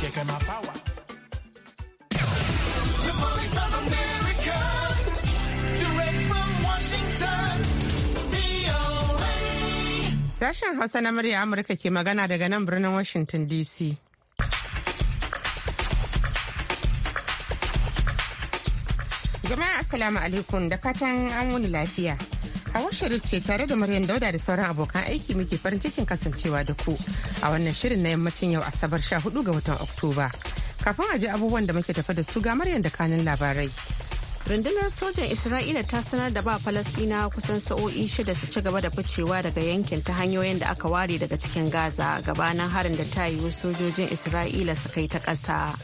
Sashen Hausa na murya Amurka ke magana daga nan birnin Washington DC. Jama'a Assalamu alaikum da fatan an wuni lafiya. Hawa Sharif ce tare da Maryam Dauda da sauran abokan aiki muke farin cikin kasancewa da ku a wannan shirin na yammacin yau Asabar hudu ga watan Oktoba. Kafin a je abubuwan da muke tafi da su ga Maryam da kanin labarai. Rundunar sojan Isra'ila ta sanar da ba palestina kusan sa'o'i shida su ci gaba da ficewa daga yankin ta hanyoyin da aka ware daga cikin Gaza gabanin harin da ta yiwu sojojin Isra'ila su kai ta ƙasa.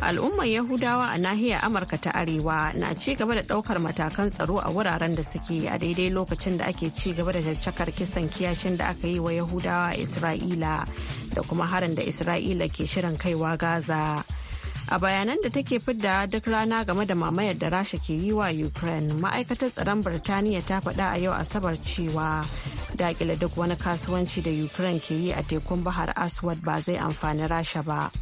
al'ummar yahudawa a nahiyar amurka ta arewa na ci gaba da daukar matakan tsaro a wuraren da suke a daidai lokacin da ake ci gaba da caccakar kisan kiyashin da aka yi wa yahudawa a isra'ila da kuma harin da isra'ila ke shirin kaiwa gaza a bayanan da take fidda duk rana game da mamayar da rasha ke yi wa ukraine ma'aikatar tsaron birtaniya ta faɗa a yau asabar cewa dakila duk wani kasuwanci da ukraine ke yi a tekun bahar aswad ba zai amfani rasha ba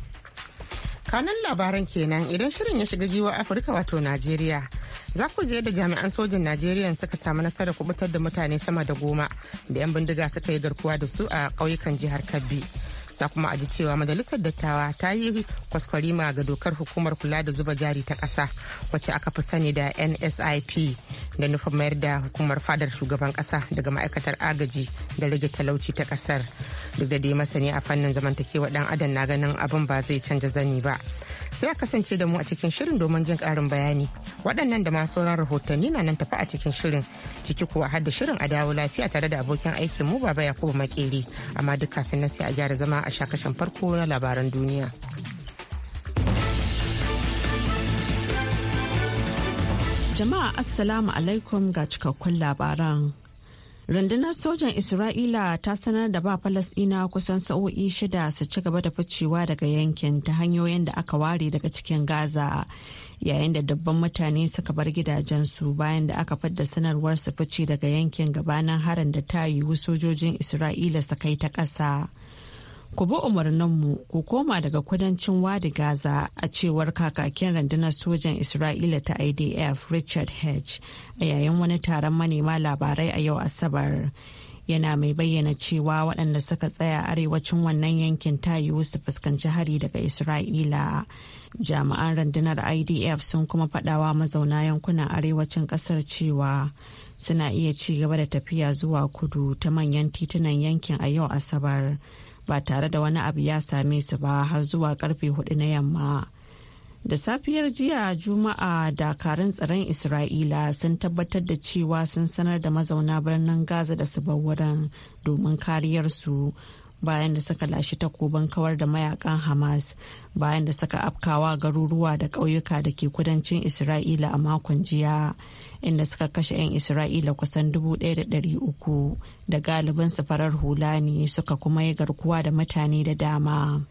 kanan labaran kenan idan shirin ya shiga giwa afirka wato najeriya za ku je da jami'an sojin najeriya suka samu nasarar kubutar da mutane sama da goma da 'yan bindiga suka yi garkuwa da su a ƙauyukan jihar kabbi za kuma a ji cewa majalisar dattawa ta yi kwaskwarima ga dokar hukumar kula da zuba jari ta kasa wacce aka fi sani da nsip da nufin mayar da hukumar fadar shugaban kasa daga ma'aikatar agaji da rage talauci ta ƙasar duk da dai masani a fannin zamantakewa dan adam na ganin abin ba zai canza zani ba sai a kasance da mu a cikin shirin domin jin karin bayani waɗannan da masu sauran rahotanni na nan tafi a cikin shirin ciki kuwa har da shirin a dawo lafiya tare da abokin aikin mu baba yakubu makeri amma duk kafin na sai a gyara zama a shakashin farko na labaran duniya jama'a assalamu alaikum ga cikakkun labaran rundunar sojan isra'ila ta sanar da ba falasɗina kusan sa'o'i shida su ci gaba da ficewa daga yankin ta hanyoyin da aka ware daga cikin gaza yayin da dabban mutane suka bar gidajensu bayan da aka fadda sanarwar su fice daga yankin gabanin harin da ta yiwu sojojin isra'ila su kai ta ƙasa. ku bi umarninmu ku koma daga kudancin wadi gaza a cewar kakakin rundunar sojan isra'ila ta idf richard hedge a yayin wani taron manema labarai a yau asabar yana mai bayyana cewa waɗanda suka tsaya arewacin wannan yankin ta yiwu su fuskanci hari daga isra'ila jami'an rundunar idf sun kuma faɗawa mazauna yankunan arewacin ƙasar cewa suna iya ci gaba da tafiya zuwa kudu ta manyan titunan yankin a yau asabar ba tare da wani abu ya same su ba har zuwa karfe hudu na yamma da safiyar jiya juma'a dakarun tsaron isra'ila sun tabbatar da cewa sun sanar da mazauna birnin gaza da su bar wurin domin kariyarsu bayan da suka lashe takoban kawar da mayakan hamas bayan da suka afkawa garuruwa da ƙauyuka da ke kudancin isra'ila a makon jiya inda suka kashe 'yan isra'ila kusan 1,300 da galibin su farar hula ne suka kuma yi garkuwa da mutane da dama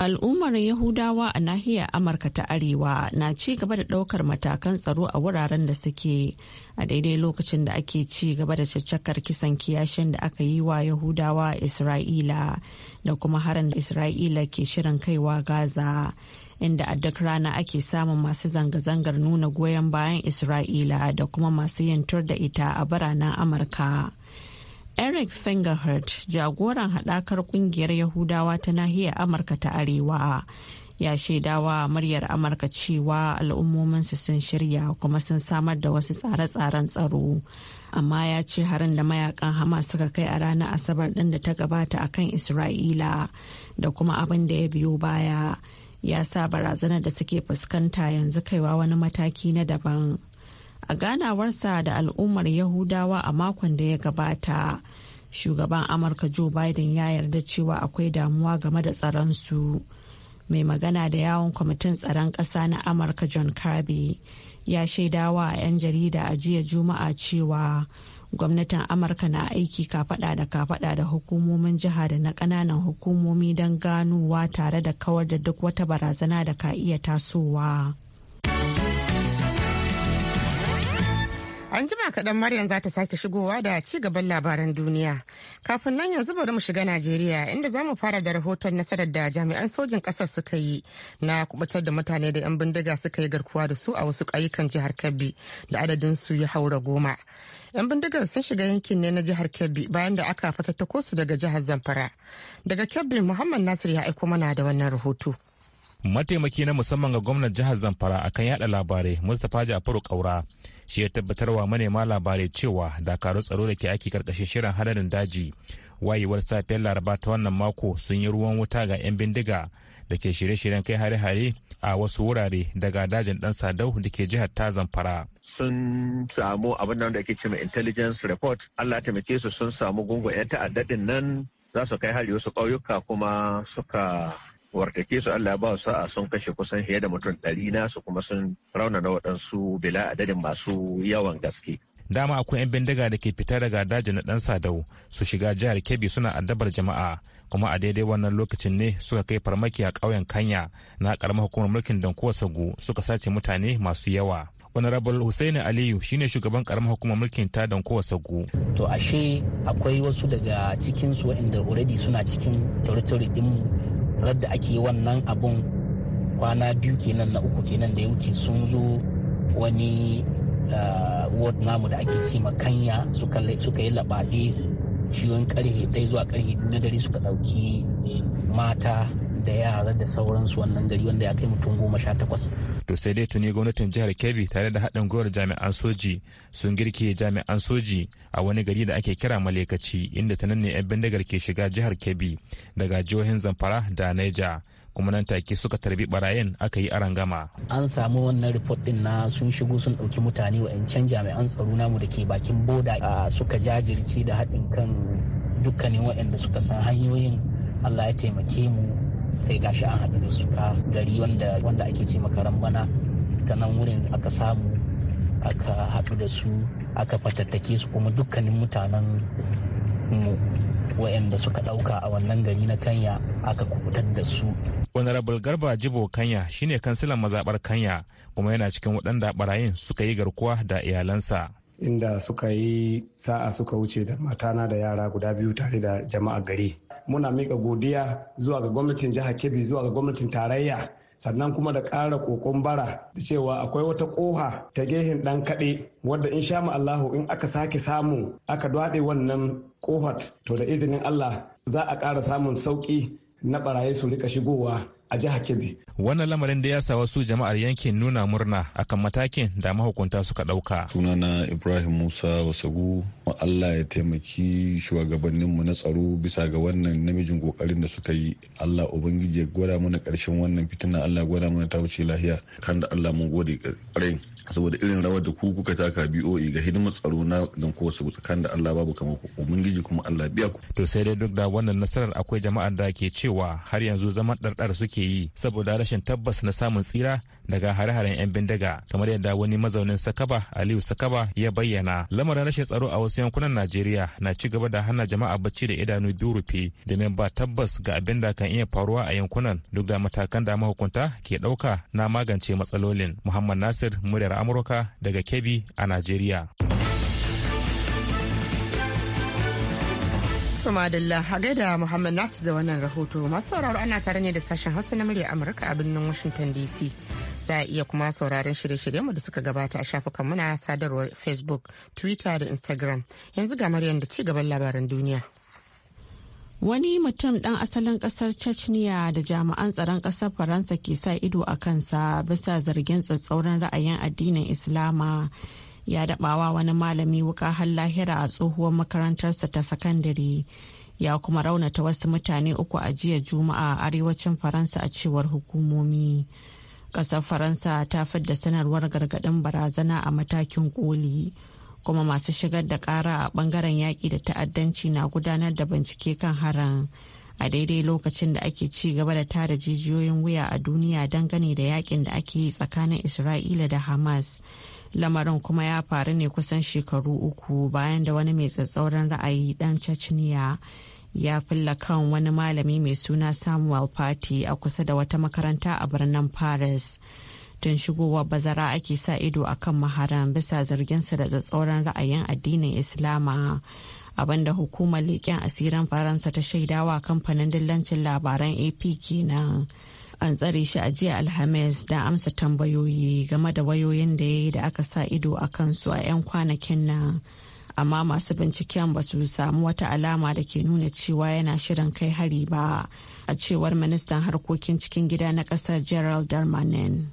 Al'ummar Yahudawa a nahiyar Amurka ta Arewa na ci gaba da ɗaukar matakan tsaro a wuraren da suke a daidai lokacin da ake ci gaba da caccakar kisan kiyashin da aka yi wa Yahudawa Isra'ila da kuma harin da Isra'ila ke shirin kaiwa Gaza. inda a duk rana ake samun masu zanga-zangar nuna goyon bayan Isra'ila da kuma masu yin tur da ita a biranen Amurka. Eric Fingerhurt, jagoran haɗakar ƙungiyar Yahudawa ta nahiyar Amurka ta Arewa, ya shaidawa muryar Amurka cewa al'ummominsu sun shirya kuma sun samar da wasu tsare-tsaren tsaro. Amma ya ce harin da mayakan hama suka kai a ranar Asabar ɗin da ta gabata a kan Isra'ila da kuma abin da ya biyo baya ya sa barazanar da suke fuskanta yanzu kaiwa wani mataki na daban. a ganawarsa da al'ummar yahudawa a makon da ya gabata shugaban amurka joe biden ya yarda cewa akwai damuwa game da tsaron mai magana da yawon kwamitin tsaron ƙasa na amurka john kirby ya shaidawa a 'yan jarida a jiya juma'a cewa gwamnatin amurka na aiki kafada da kafada da hukumomin jiha da na kananan hukumomi don ganowa tare da kawar da duk wata barazana da ka iya tasowa. An jima kaɗan Maryam za ta sake shigowa da ci gaban labaran duniya. Kafin nan yanzu bari mu shiga Najeriya inda za mu fara da rahoton nasarar da jami'an sojin ƙasar suka yi na kubutar da mutane da 'yan bindiga suka yi garkuwa da su a wasu ayyukan jihar Kebbi da adadin su ya haura goma. 'Yan bindigar sun shiga yankin ne na jihar Kebbi bayan da aka fatattako su daga jihar Zamfara. Daga Kebbi Muhammad Nasir ya aiko mana da wannan rahoto. mataimaki na musamman ga gwamnan jihar zamfara akan yada labarai mustapha jafaru kaura shi ya tabbatar wa manema labarai cewa dakarun tsaro da ke aiki karkashin shirin hadarin daji wayewar safiyar laraba ta wannan mako sun yi ruwan wuta ga 'yan bindiga da ke shirye-shiryen kai hare-hare a wasu wurare daga dajin dan sadau da ke jihar ta zamfara sun samu abin da ake cewa intelligence report allah taimake su sun samu gungun 'yan ta'addadin nan za su kai hari wasu kauyuka kuma suka wartake su Allah ba su sa'a sun kashe kusan fiye da mutum ɗari nasu kuma sun rauna na waɗansu bila adadin masu yawan gaske. Dama akwai 'yan bindiga da ke fita daga daji na ɗan sadau su shiga jihar Kebbi suna addabar jama'a kuma a daidai wannan lokacin ne suka kai farmaki a ƙauyen Kanya na ƙaramar hukumar mulkin Dankuwa Sagu suka sace mutane masu yawa. honorable Hussaini aliyu shine shugaban karamar hukumar mulkin ta dankowa sagu to ashe akwai wasu daga cikin su waɗanda already suna cikin tauri din radda ake wannan abun kwana biyu kenan na uku kenan da ya wuce sun zo wani ah, ward namu da ake ce makanya suka yi labade ciwon karfe ɗaya zuwa karfe biyu na dare suka ɗauki mata da yara da sauransu wannan gari wanda ya kai mutum goma sha takwas. To sai dai tuni gwamnatin jihar Kebbi tare da haɗin gwiwar jami'an soji sun girke jami'an soji a wani gari da ake kira Malekaci inda ta nan ne 'yan bindigar ke shiga jihar Kebbi daga jihohin Zamfara da Niger. kuma nan take suka tarbi barayin aka yi arangama. An samu wannan report din na sun shigo sun ɗauki mutane wa'ancan jami'an tsaro namu da ke bakin boda suka jajirce da haɗin kan dukkanin waɗanda suka san hanyoyin Allah ya taimake mu sai gashi an haɗu da suka gari wanda ake ce makaran bana ta nan wurin aka samu aka haɗu da su aka fatattake su kuma dukkanin mutanen mu suka ɗauka a wannan gari na kanya aka kubutar da su. honorable garba jibo kanya shine kansilan mazaɓar kanya kuma yana cikin waɗanda barayin suka yi garkuwa da iyalansa inda suka yi sa'a suka wuce da matana da yara guda biyu tare da jama'a gari muna mika godiya zuwa ga gwamnatin jihar kebbi zuwa ga gwamnatin tarayya sannan kuma da ƙara kokon bara da cewa akwai wata ƙoha ta gehin ɗan kaɗe wadda in sha Allahu in aka sake samu aka dwaɗe wannan ƙohat to da izinin Allah za a ƙara samun sauƙi na ɓaraye su rika shigowa a jihar Kebbi. Wannan lamarin da ya sa wasu jama'ar yankin nuna murna akan matakin da mahukunta suka ɗauka. Sunana Ibrahim Musa Wasagu, Allah ya taimaki shugabanninmu na tsaro bisa ga wannan namijin kokarin da suka yi. Allah Ubangiji ya gwada mana ƙarshen wannan fitina, Allah gwada mana ta wuce lahiya. Kan da Allah mun gode ƙarai. Saboda irin rawar da ku kuka taka BOE ga hidimar tsaro na dan wasu kan da Allah babu kamar ku. Ubangiji kuma Allah biya ku. To sai dai duk da wannan nasarar akwai jama'ar da ke cewa har yanzu zaman ɗarɗar suke ake yi saboda rashin tabbas na samun tsira daga hare-haren 'yan bindiga kamar yadda wani mazaunin sakaba aliyu sakaba ya bayyana lamarin rashin tsaro a wasu yankunan najeriya na ci gaba da hana jama'a bacci da idanu biyu rufe domin ba tabbas ga abin da kan iya faruwa a yankunan duk da matakan da mahukunta ke ɗauka na magance matsalolin muhammad nasir muryar amurka daga kebbi a najeriya To madalla a gaida Muhammad nasu da wannan rahoto masu sauraro ana tare ne da sashen Hausa na murya Amurka a birnin Washington DC. Za a iya kuma sauraron shirye-shirye mu da suka gabata a shafukan muna sadarwar Facebook, Twitter da Instagram. Yanzu ga Maryam da ci gaban labaran duniya. Wani mutum dan asalin kasar Chechnya da jami'an tsaron kasar Faransa ke sa ido a kansa bisa zargin tsatsauran ra'ayin addinin Islama. ya dabawa wani malami wuka har lahira a tsohuwar makarantarsa ta sakandare ya kuma raunata wasu mutane uku a jiya juma'a a arewacin faransa a cewar hukumomi ƙasar faransa ta fidda sanarwar gargaɗin barazana a matakin koli kuma masu shigar da ƙara a ɓangaren yaƙi da ta'addanci na gudanar da bincike kan haran a daidai lokacin da ake ci gaba da tara jijiyoyin wuya a duniya dangane da yaƙin da ake yi tsakanin isra'ila da hamas lamarin kuma ya faru ne kusan shekaru uku bayan da wani mai tsatsauran ra'ayi dan chechnya ya filla kan wani malami mai suna samuel party a kusa da wata makaranta a birnin paris tun shigowar bazara ake sa ido a kan maharan bisa zarginsa da tsatsauran ra'ayin addinin islama abinda hukumar leƙen asirin faransa ta shaidawa kamfanin dillancin labaran ap kenan. an tsare shi a jiya alhamis da amsa tambayoyi game da wayoyin da ya yi da aka sa ido a kansu a 'yan kwanakin nan amma masu binciken ba su samu wata alama da ke nuna cewa yana shirin kai hari ba a cewar ministan harkokin cikin gida na kasar gerald darmanin.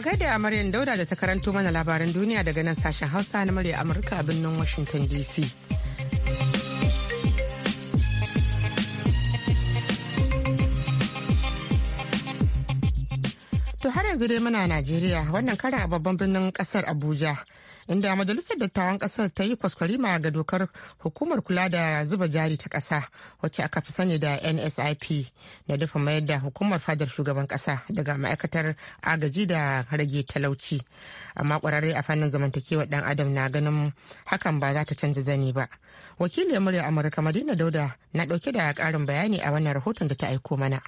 A gaida Maryam Dauda da ta karanto mana labaran duniya daga nan sashen Hausa na murya Amurka a birnin Washington DC. To har yanzu dai muna Najeriya wannan karan a babban birnin kasar Abuja inda majalisar dattawan kasar ta yi kwaskwarima ga dokar hukumar kula da zuba jari ta kasa wacce aka fi sani da nsip na dafa mayar da hukumar fadar shugaban kasa daga ma'aikatar agaji da rage talauci amma kwararre a fannin zamantakewa dan adam na ganin hakan ba za ta canza zani ba ya murya amurka madina dauda na dauke da karin bayani a wannan rahoton da ta aiko mana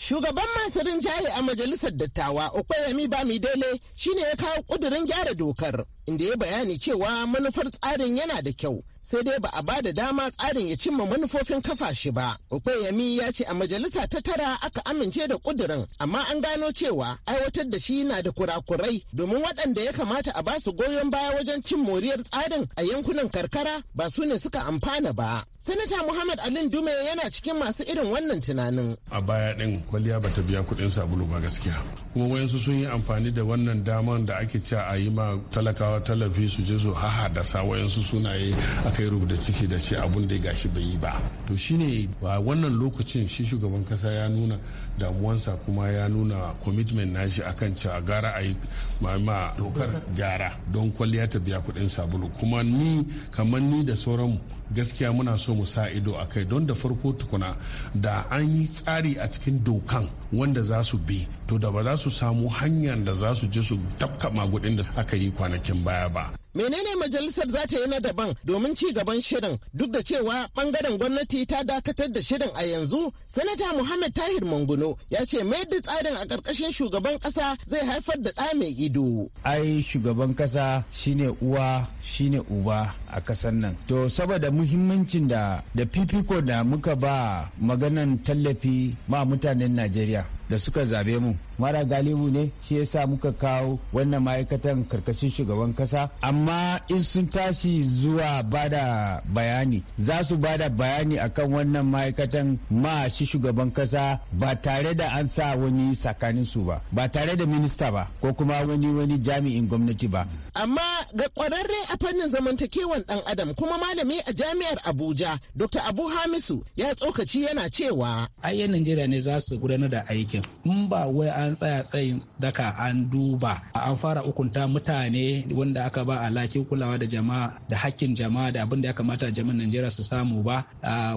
Shugaban masu rinjaye a majalisar dattawa Okoyemi Bamidele shine ya kawo ƙudurin gyara dokar inda ya bayani cewa manufar tsarin yana da kyau sai dai ba a ba da dama tsarin ya cimma manufofin kafa shi ba. Okoyemi ya ce a majalisa ta tara aka amince da kudurin amma an gano cewa aiwatar da shi na da kurakurai domin waɗanda ya kamata a ba su goyon baya wajen cin moriyar tsarin a yankunan karkara ba su ne suka amfana ba. Sanata Muhammad Alin Dume yana cikin masu irin wannan tunanin. A baya ɗin kwalliya ba ta biya kuɗin sabulu ba gaskiya. Kuma wayansu sun yi amfani da wannan damar da ake cewa a yi ma talakawa tallafi su je su haha da sa wayansu sunaye akai kai rubuta ciki da ce abun da gashi bai yi ba to shine a wannan lokacin shi shugaban kasa ya nuna damuwansa kuma ya nuna commitment nashi akan cewa gara a yi ma dokar gyara don kwalliya ta biya kuɗin sabulu kuma ni kamar ni da sauranmu gaskiya muna so mu sa ido a kai don da farko tukuna da an yi tsari a cikin dokan wanda za su bi to da ba za su samu hanyar da za su je su tafka magudin da aka yi kwanakin baya ba menene majalisar za ta yi na daban domin ci gaban shirin duk da cewa bangaren gwamnati ta dakatar da shirin a yanzu sanata muhammad tahir manguno ya ce mai da tsarin a ƙarƙashin shugaban ƙasa zai haifar da ɗa ido ai shugaban ƙasa shine uwa shine uba a ƙasar nan to saboda muhimmancin da da fifiko da muka ba maganan tallafi ma mutanen najeriya da suka zabe mu mara galibu ne shi yasa muka kawo wannan ma'aikatan karkashin shugaban kasa amma amma in sun tashi zuwa bada bayani za su bada bayani akan wannan ma'aikatan ma shi shugaban kasa ba tare da an sa wani tsakanin su ba ba tare da minista ba ko kuma wani wani jami'in gwamnati ba amma ga kwararre a fannin zamantakewan dan adam kuma malami a jami'ar abuja dr abu hamisu ya tsokaci yana cewa ayyan najeriya ne za su gudanar da aikin in ba wai an tsaya tsayin daka an duba an fara hukunta mutane wanda aka ba a alhakin kulawa da jama'a da hakkin jama'a da abin da ya kamata jama'an Najeriya su samu ba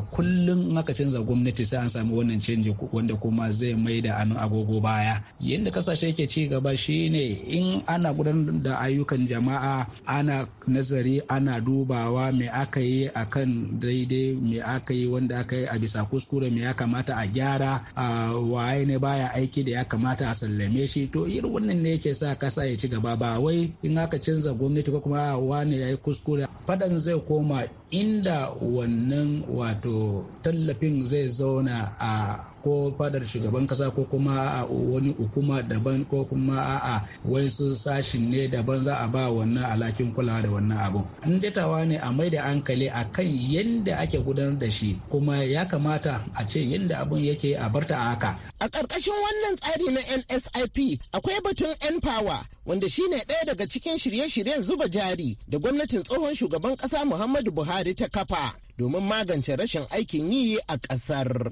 kullum in aka canza gwamnati sai an samu wannan canji wanda kuma zai mai da anu agogo baya yadda kasashe ke ci gaba shine in ana gudanar da ayyukan jama'a ana nazari ana dubawa me aka yi akan daidai me aka yi wanda aka yi a bisa kuskure me ya kamata a gyara waye ne baya aiki da ya kamata a sallame shi to irin wannan ne yake sa kasa ya ci gaba ba wai in aka canza gwamnati ko kuma wane ya yi kuskure faɗan zai koma inda wannan wato tallafin zai zauna a ko fadar shugaban kasa ko kuma a wani hukuma daban ko kuma a'a su sashin ne daban za a ba wannan alhakin kulawa da wannan abun An datawa ne a mai da hankali a kan yadda ake gudanar da shi kuma ya kamata a ce yadda abun yake a barta a haka a ƙarƙashin wannan tsari na nsip akwai batun n power wanda shine ɗaya daga cikin shirye-shiryen zuba jari da gwamnatin tsohon shugaban ƙasa muhammadu buhari ta kafa domin magance rashin aikin yi a ƙasar.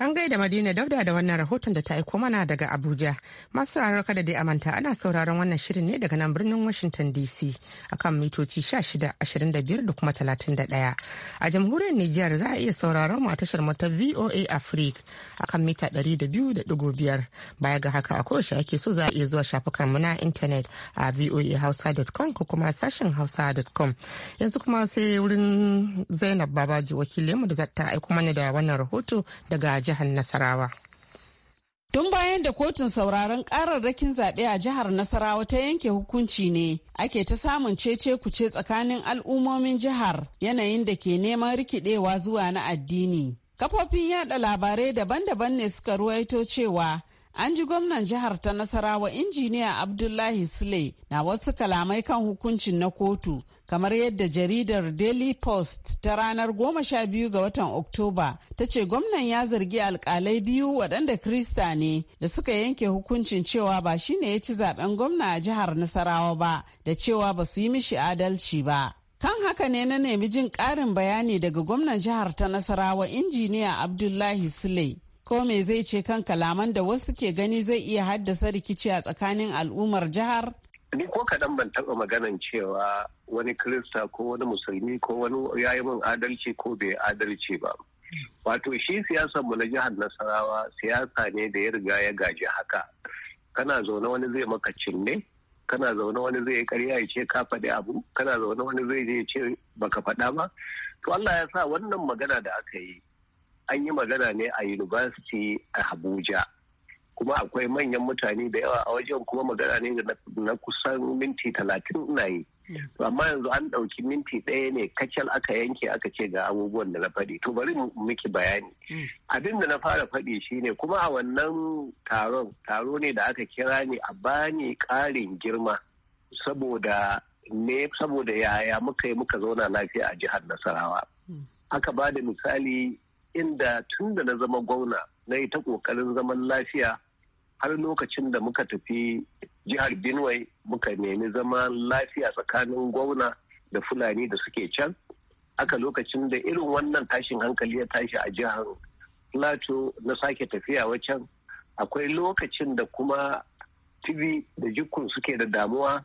An gaida Madina Dauda da wannan rahoton da ta aiko mana daga Abuja. Masu rarraka da dai amanta ana sauraron wannan shirin ne daga nan birnin Washington DC akan mitoci 1625 da kuma 31. A jamhuriyar Nijar za a iya sauraron mu a tashar mata VOA Africa akan mita 200.5. Baya ga haka a koyaushe ake so za a iya zuwa shafukan mu na intanet a voahausa.com ko kuma sashen hausa.com. Yanzu kuma sai wurin Zainab Babaji wakilinmu da za ta aiko mana da wannan rahoto daga jihar Nasarawa. Tun bayan da kotun sauraron kararrakin zaɓe a jihar Nasarawa ta yanke hukunci ne ake ta samun cece kuce tsakanin al'ummomin jihar yanayin da ke neman rikidewa zuwa na addini. Kafofin yaɗa labarai daban-daban ne suka ruwaito cewa An ji gwamnan jihar ta Nasarawa injiniya Abdullahi Sule na wasu kalamai kan hukuncin na kotu kamar yadda jaridar Daily Post ta ranar goma sha biyu ga watan Oktoba ta ce gwamnan ya zargi alkalai biyu waɗanda Krista ne da suka yanke hukuncin cewa ba shi ne ya ci zaben gwamna a jihar Nasarawa ba da cewa ba su yi mishi adalci ba. Kan haka ne na nemi jin ƙarin bayani daga gwamnan jihar ta Nasarawa injiniya Abdullahi Sule. ko me zai ce kan kalaman da wasu ke gani zai iya haddasa rikici a tsakanin al'ummar jihar? Ni ko kaɗan ban taɓa maganan cewa wani Kirista ko wani Musulmi ko wani yayi min adalci ko bai adalci ba. Wato shi siyasar mu na jihar Nasarawa siyasa ne da ya riga ya gaji haka. Kana zaune wani zai maka cinne, kana zaune wani zai karya ya ce ka faɗi abu, kana zaune wani zai je ce baka faɗa ba. To Allah ya sa wannan magana da aka yi an yi magana ne a university a abuja kuma akwai manyan mutane da yawa a wajen kuma magana ne da na kusan minti talatin ina yi amma yanzu an ɗauki minti ɗaya ne kacal aka yanke aka ce ga abubuwan da na faɗi to bari miki bayani abin da na fara faɗi shine kuma a wannan taron taro ne da aka kira ni a bani ƙarin girma saboda ne saboda yaya muka yi muka zauna lafiya a jihar nasarawa hmm. aka ba da misali inda tun da na zama gwamna na yi ta ƙoƙarin zaman lafiya har lokacin da muka tafi jihar Benue muka nemi zaman lafiya tsakanin gwamna da Fulani da suke can. Aka lokacin da irin wannan tashin hankali ya tashi a jihar Plateau na sake tafiya wacan akwai lokacin da kuma tv da jikun suke da damuwa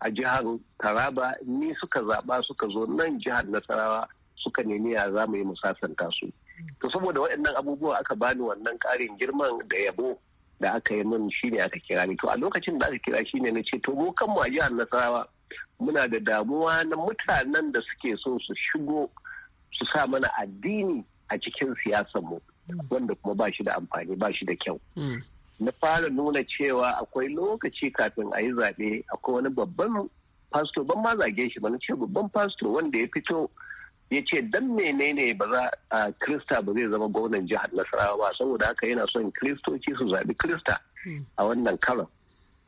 a jihar Taraba ni suka zaɓa suka zo nan jihar Nasarawa suka nemi ya za mu yi musasanta su. to saboda waɗannan abubuwa aka bani wannan ƙarin girman da yabo da aka yi min shine aka kira ni to a lokacin da aka kira shine na ce to mu mu a jihar nasarawa muna da damuwa na mutanen da suke so su shigo su sa mana addini a cikin siyasar mu wanda kuma ba shi da amfani ba shi da kyau hmm. na fara nuna cewa akwai lokaci kafin a yi zaɓe akwai wani babban fasto ban ma zage shi ba na ce babban fasto wanda ya fito ya ce dan menene ba za a krista ba zai zama gwamnan jihar nasarawa ba saboda haka yana son kristoci su zaɓi krista hmm. a wannan karon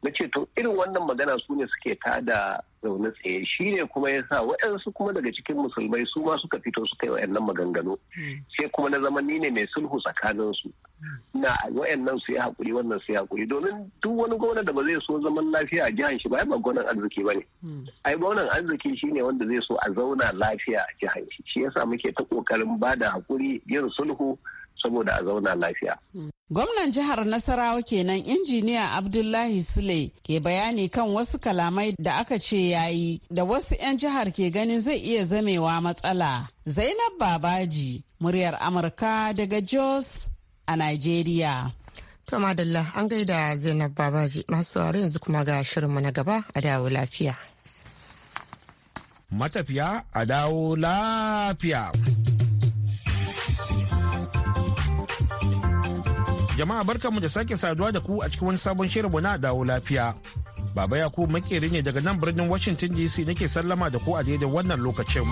na ce to irin wannan magana su ne suke tada zaune tsaye shi ne kuma ya sa waɗansu kuma daga cikin musulmai su ma suka fito suka yi waɗannan maganganu hmm. sai kuma na zama ni ne mai sulhu tsakanin su hmm. na waɗannan su yi haƙuri wannan su yi hakuri. domin duk wani gwamna da ba zai so zaman lafiya a jihar shi ba ya ba gwamnan arziki ba ne hmm. ai gwamnan arziki shi ne wanda zai so a zauna lafiya a jihar shi shi ya sa muke ta ƙoƙarin ba da haƙuri yin sulhu saboda a zauna lafiya. Gwamnan jihar Nasarawa kenan injiniya Abdullahi Sule ke bayani kan wasu kalamai da aka ce yayi da wasu 'yan jihar ke ganin zai iya zamewa matsala. Zainab Babaji, muryar Amurka daga Jos a Nigeria. To madalla an gaida Zainab Babaji masu yanzu kuma ga shirinmu na gaba a dawo lafiya. Matafiya a dawo lafiya. Jama'a mu da sake saduwa da ku a cikin wani sabon shirin mu na dawo lafiya. Baba Yakubu makeri ne daga nan birnin Washington DC nake sallama da ku a daidai wannan lokacin.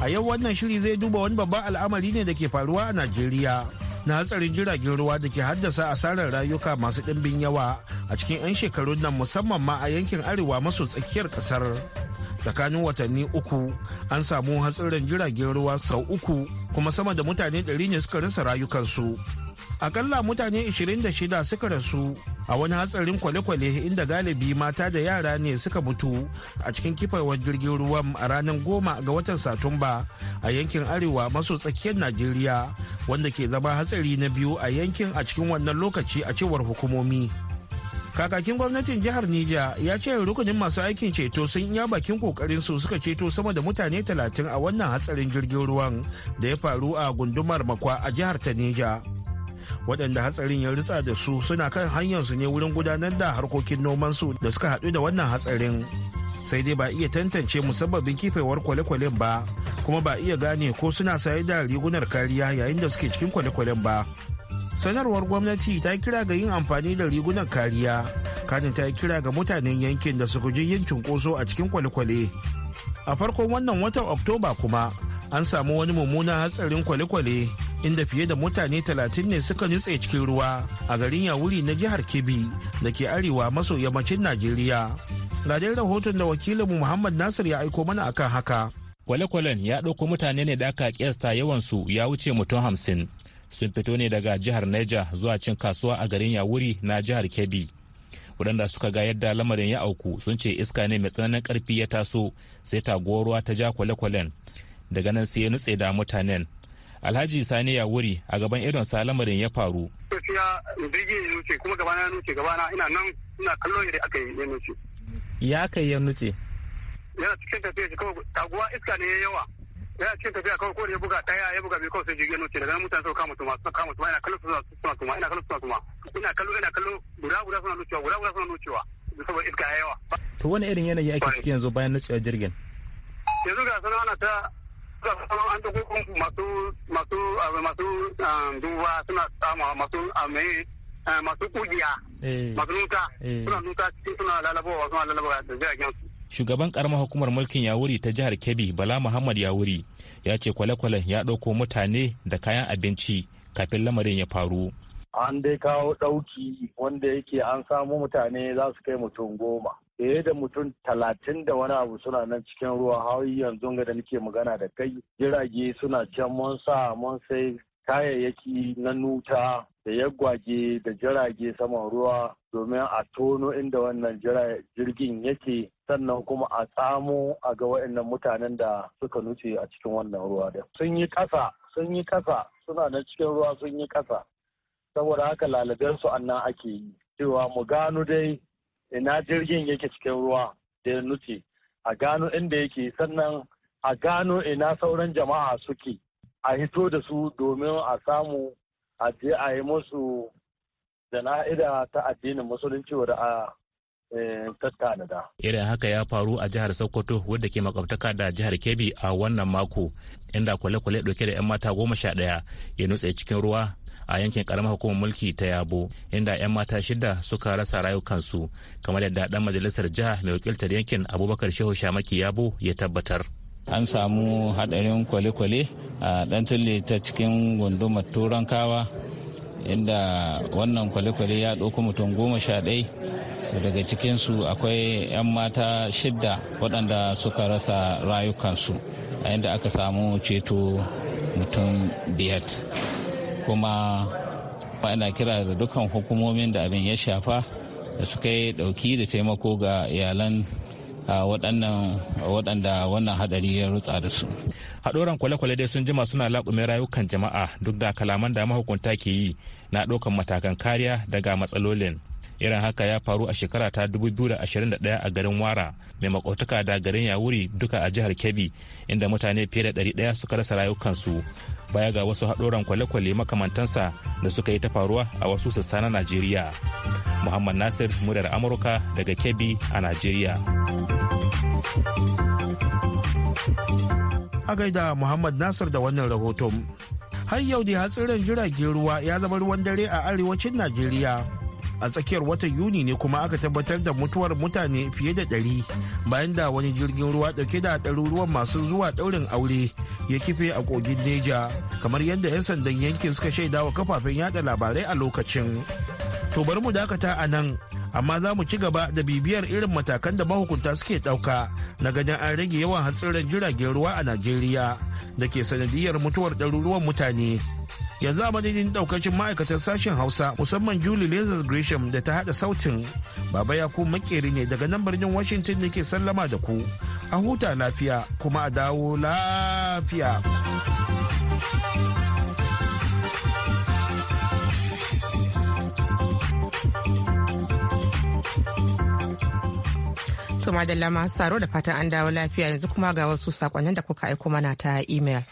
A yau wannan shiri zai duba wani babban al'amari ne da ke faruwa a Najeriya. na hatsarin jiragen ruwa da ke haddasa asarar rayuka masu ɗimbin yawa a cikin 'yan shekarun nan musamman ma a yankin arewa maso tsakiyar ƙasar. tsakanin watanni uku an samu hatsarin jiragen ruwa sau uku kuma sama da mutane ɗari ne suka rasa rayukansu akalla mutane 26 suka rasu a wani hatsarin kwale-kwale inda galibi mata da yara ne suka mutu a cikin kifawar jirgin ruwan a ranar goma ga watan satumba a yankin arewa maso tsakiyar najeriya wanda ke zama hatsari na biyu a yankin a cikin wannan lokaci a cewar hukumomi kakakin gwamnatin jihar Nija ya ce rukunin masu aikin ceto sun iya bakin kokarin su suka ceto sama da mutane talatin a wannan hatsarin jirgin ruwan da ya faru a gundumar makwa a jihar ta Nija. Waɗanda hatsarin ya ritsa da su suna kan hanyarsu ne wurin gudanar da harkokin nomansu da suka haɗu da wannan hatsarin. sai dai ba iya tantance musabbabin kifewar kwale-kwalen ba kuma ba iya gane ko suna saye da rigunar kariya yayin da suke cikin kwale-kwalen ba sanarwar gwamnati ta kira ga yin amfani da rigunan kariya kanin ta kira ga mutanen yankin da su guji yin cunkoso a cikin kwale a farkon wannan watan oktoba kuma an samu wani mummunan hatsarin kwale-kwale inda fiye da mutane talatin ne suka nutse cikin ruwa a garin yawuri na jihar kebbi da ke arewa maso yammacin najeriya ga dai rahoton da wakilinmu muhammad nasir ya aiko mana akan haka kwale-kwalen ya ɗauko mutane ne da aka kiyasta yawansu ya wuce mutum hamsin sun fito ne daga jihar neja zuwa cin kasuwa a garin Yawuri na jihar Kebbi. Waɗanda suka ga yadda lamarin ya auku sun ce iska ne mai tsananin ƙarfi ya taso sai taguwar ruwa ta ja kwale-kwalen daga nan sai ya nutse da mutanen. Alhaji Sani Yawuri a gaban idon sa lamarin ya faru. ya kai ya nutse. Yana cikin tafiya shi kawai taguwa iska ne ya yawa. ya ce tafiya kawai ya buga daya ya buga kawai sai jirgin nuce daga mutane suka kama tuma suka kama tuma ina suna tuma ina kallo suna tuma ina kallo guda guda suna nucewa guda guda suna nucewa saboda iska ya yawa. to wani irin yanayi ake ciki yanzu bayan nucewar jirgin. yanzu ga ta masu masu ah, masu ah, duba ah, masu kugiya eh. masu nuka eh. suna nuka suna lalabawa suna lalabawa da jiragen su shugaban karamar hukumar mulkin yawuri ta jihar kebbi bala muhammad yawuri ya ce kwale-kwalen ya ɗauko mutane da kayan abinci kafin lamarin ya faru an dai kawo ɗauki wanda yake an samu mutane za su kai mutum goma fiye da mutum talatin da wani abu suna nan cikin ruwa hawi yanzu ga da nake magana da kai jirage suna can mun sa mun sai kayayyaki na nuta da yaggwage da jirage saman ruwa domin a tono inda wannan jirgin yake sannan kuma a tsamo a ga waɗannan mutanen da suka nuce a cikin wannan ruwa da sun yi ƙasa sun yi ƙasa suna na cikin ruwa sun yi ƙasa saboda haka lalaben su annan ake yi cewa mu gano dai ina jirgin yake cikin ruwa da ya nuce a gano inda yake sannan a gano ina sauran jama'a suke a hito da su domin a samu a je a yi musu jana'ida ta addinin musulunci wadda a eh, da. Irin haka ya faru a jihar Sokoto wadda ke makwabtaka da jihar Kebbi a wannan mako inda kwale-kwale ɗauke da 'yan mata goma sha ɗaya ya nutse cikin ruwa a yankin karamar hukumar mulki ta Yabo inda 'yan mata shida suka rasa rayukansu kamar yadda ɗan majalisar jiha mai wakiltar yankin Abubakar Shehu Shamaki Yabo ya tabbatar. an samu hadarin kwale-kwale a dan tulle ta cikin gundumar turankawa inda wannan kwale-kwale ya ɗauko mutum goma sha ɗai daga cikinsu akwai 'yan mata shidda waɗanda suka rasa rayukansu a inda aka samu ceto mutum biyar kuma ana kira da dukkan hukumomin da abin ya shafa da suka yi ɗauki da taimako ga iyalan waɗannan waɗanda wannan hadari ya rutsa da su. Haɗoran kwale-kwale dai sun jima suna laƙumin rayukan jama'a duk da kalaman da mahukunta ke yi na ɗaukan matakan kariya daga matsalolin. irin haka ya faru a shekara ta 2021 a garin wara mai makwautuka da garin yawuri duka a jihar kebbi inda mutane fiye da 100 suka rasa rayukansu baya ga wasu haɗoran kwale-kwale makamantansa da suka yi ta faruwa a wasu sassa na najeriya muhammad nasir muryar amurka daga kebbi a najeriya A gaida Muhammad Nasir da wannan rahoton. Har yau da hatsirin jiragen ruwa ya zama ruwan dare a arewacin Najeriya. A tsakiyar watan Yuni ne kuma aka tabbatar da mutuwar mutane fiye da ɗari bayan da wani jirgin ruwa ɗauke da ɗaruruwan masu zuwa ɗaurin aure ya kife a kogin Neja kamar yadda 'yan sandan yankin suka shaidawa kafafen yada labarai a lokacin. To bari mu dakata a nan amma za mu ci gaba da bibiyar irin matakan da mahukunta suke ɗauka na ganin an rage yawan hatsarin jiragen ruwa a najeriya da ke sanadiyar mutuwar ɗaruruwan mutane yanzu a madadin ɗaukacin ma'aikatar sashen hausa musamman julie lezard gresham da ta haɗa sautin baba ya ku makeri ne daga nan birnin washington da ke sallama da ku a huta lafiya kuma a dawo lafiya To da lama saro da fatan an dawo lafiya yanzu kuma ga wasu sakonnin da kuka aiko mana ta email.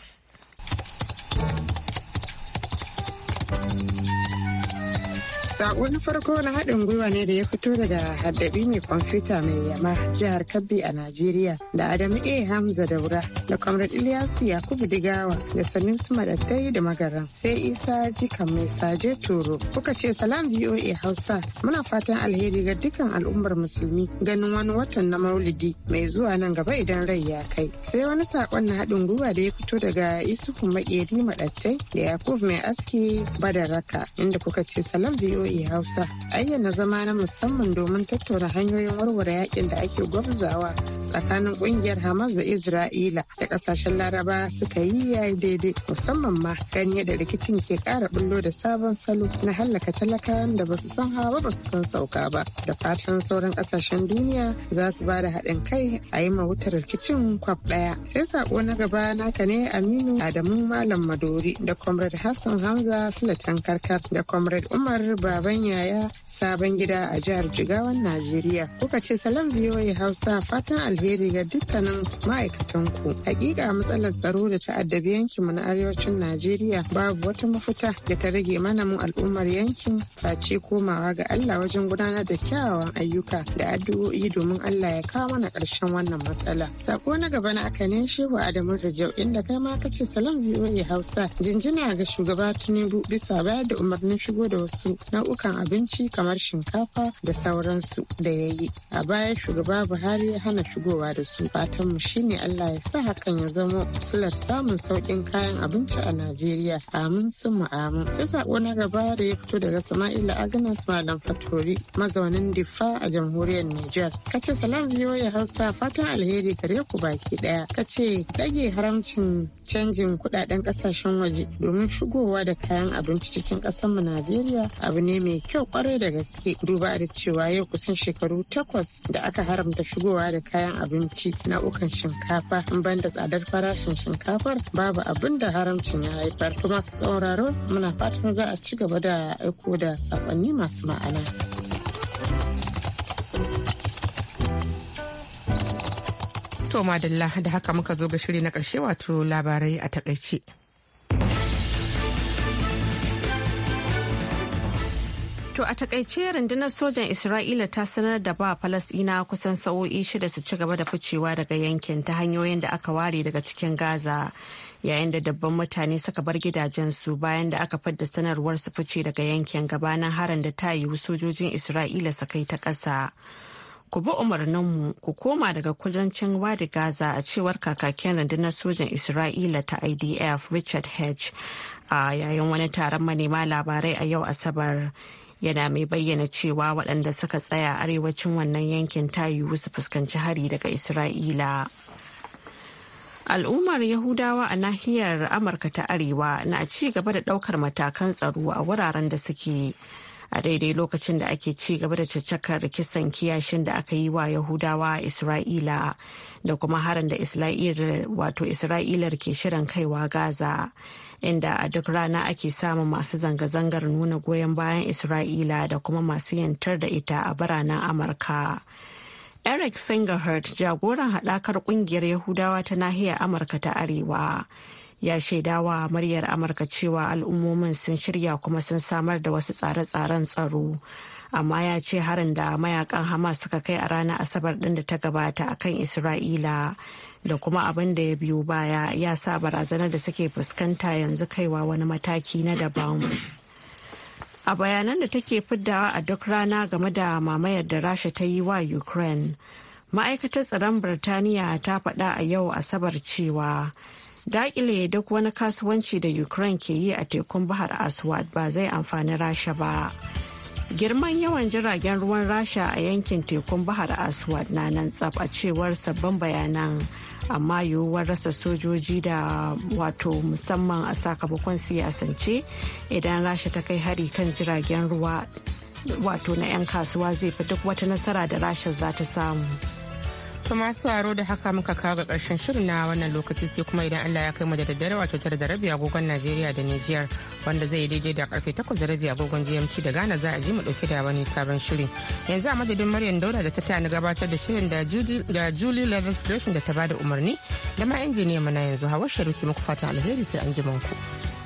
wani farko na haɗin gwiwa ne da ya fito daga haddabi mai kwamfuta mai yama jihar Kabbi a Najeriya da Adamu A Hamza Daura da Comrade Ilyasu Yakubu Digawa da Sanin Madattai da Magaran sai Isa Jikan mai Saje Toro. Kuka ce salam VOA Hausa muna fatan alheri ga dukkan al'ummar musulmi ganin wani watan na maulidi mai zuwa nan gaba idan rai ya kai. Sai wani sakon na haɗin gwiwa da ya fito daga Isufu maƙeri maɗattai da Yakubu mai aski Badaraka inda kuka ce salam VOA sauyi Hausa ayyana zama na musamman domin tattauna hanyoyin warware yakin da ake gwabzawa tsakanin kungiyar Hamas da Isra'ila da kasashen Laraba suka yi yayi daidai musamman ma ganye da rikicin ke kara bullo da sabon salo na hallaka talakawan da basu san hawa basu san sauka ba da fatan sauran kasashen duniya za su ba da haɗin kai a yi wutar rikicin kwaf ɗaya sai sako na gaba naka ne Aminu Adamu Malam Madori da Comrade Hassan Hamza Sulatan Karkar da Comrade Umar Ba sabon yaya sabon gida a jihar Jigawan Najeriya. Kuka ce salam biyoyi Hausa fatan alheri ga dukkanin ma'aikatan ku. Hakika matsalar tsaro da ta'addabi yankin mu na arewacin Najeriya babu wata mafita da ta rage mana mu al'ummar yankin face komawa ga Allah wajen gudanar da kyawawan ayyuka da addu'o'i domin Allah ya kawo mana karshen wannan matsala. Sako na gaba na akanin Shehu Adamu da jau inda kai ma kace salam biyoyi Hausa jinjina ga shugaba Tinubu bisa bayar da umarnin shigo da wasu na nau'ukan abinci kamar shinkafa da sauransu da ya yi a baya shugaba buhari ya hana shigowa da su fatanmu shine allah ya sa hakan ya zama silar samun saukin kayan abinci a najeriya amin sun mu'amin sai sako na gaba da ya fito daga sama'ila agnes malam fatori mazaunin difa a jamhuriyar niger kace salam ya hausa fatan alheri gare ku baki daya kace rage haramcin canjin kudaden kasashen waje domin shigowa da kayan abinci cikin ƙasarmu najeriya abu ne mai kyau kwarai da gaske duba da cewa yau kusan shekaru takwas da aka haramta shigowa da kayan abinci na ukan shinkafa in da tsadar farashin shinkafar babu abin da haramcin ya haifar to masu sauraro muna fatan za a ci gaba da aiko da sakonni masu ma'ana. To madalla da haka muka zo ga shiri na karshe wato labarai a takaice. To a takaice rundunar sojan Isra'ila ta sanar da ba Falasɗina kusan sa'o'i shida su ci gaba da ficewa daga yankin ta hanyoyin da aka ware daga cikin Gaza yayin da dabban mutane suka bar gidajensu bayan da aka fadda sanarwar su fice daga yankin gabanin harin da ta yiwu sojojin Isra'ila su kai ta ƙasa. Ku bi umarninmu ku koma daga kudancin Wadi Gaza a cewar kakakin rundunar sojan Isra'ila ta IDF Richard H. a yayin wani taron manema labarai a yau Asabar. yana mai bayyana cewa waɗanda suka tsaya arewacin wannan yankin ta yiwu su fuskanci hari daga isra'ila al'ummar yahudawa a nahiyar amurka ta arewa na ci gaba da ɗaukar matakan tsaro a wuraren da suke a daidai lokacin da ake ci gaba da caccakar kisan kiyashin da aka yi wa yahudawa a isra'ila da kuma harin da wato isra'ilar ke shirin kaiwa gaza inda a duk rana ake samun masu zanga-zangar nuna goyon bayan isra'ila da kuma masu yantar da ita a biranen amurka eric fingerhurt jagoran haɗakar ƙungiyar yahudawa ta nahiyar amurka ta arewa ya shaidawa muryar amurka cewa al'ummomin sun shirya kuma sun samar da wasu tsare-tsaren tsaro amma ya ce harin da mayakan hamas suka kai a ranar asabar din da ta gabata a kan isra'ila da kuma abin da ya biyo baya ya sa barazanar da suke fuskanta yanzu kaiwa wani mataki na daban a bayanan da take fiddawa a duk rana game da mamayar da rasha ta yi wa ukraine ma'aikatar tsaron birtaniya ta faɗa a yau asabar cewa dakile duk wani kasuwanci da ukraine ke yi a tekun bahar aswad ba zai amfani rasha ba girman yawan jiragen ruwan rasha a yankin tekun bahar aswad na nan tsab a cewar sabbin bayanan amma yiwuwar rasa sojoji da wato musamman a sakamakon siyasance idan rasha ta kai hari kan jiragen ruwa wato na 'yan kasuwa zai fi duk wata nasara da rasha za ta samu. To masu aro da haka muka kawo ga karshen shirin na wannan lokaci sai kuma idan Allah ya kai mu da daddare wato tare da rabi agogon Najeriya da Nijiyar wanda zai daidai da karfe 8 da rabi agogon GMT da Ghana za a ji mu dauke da wani sabon shirin. Yanzu a madadin Maryam Dauda da ta tani gabatar da shirin da Julie Levels Gresham da ta bada umarni da ma injiniya mana yanzu Hawwa Sharuki muku fatan alheri sai an ji ku.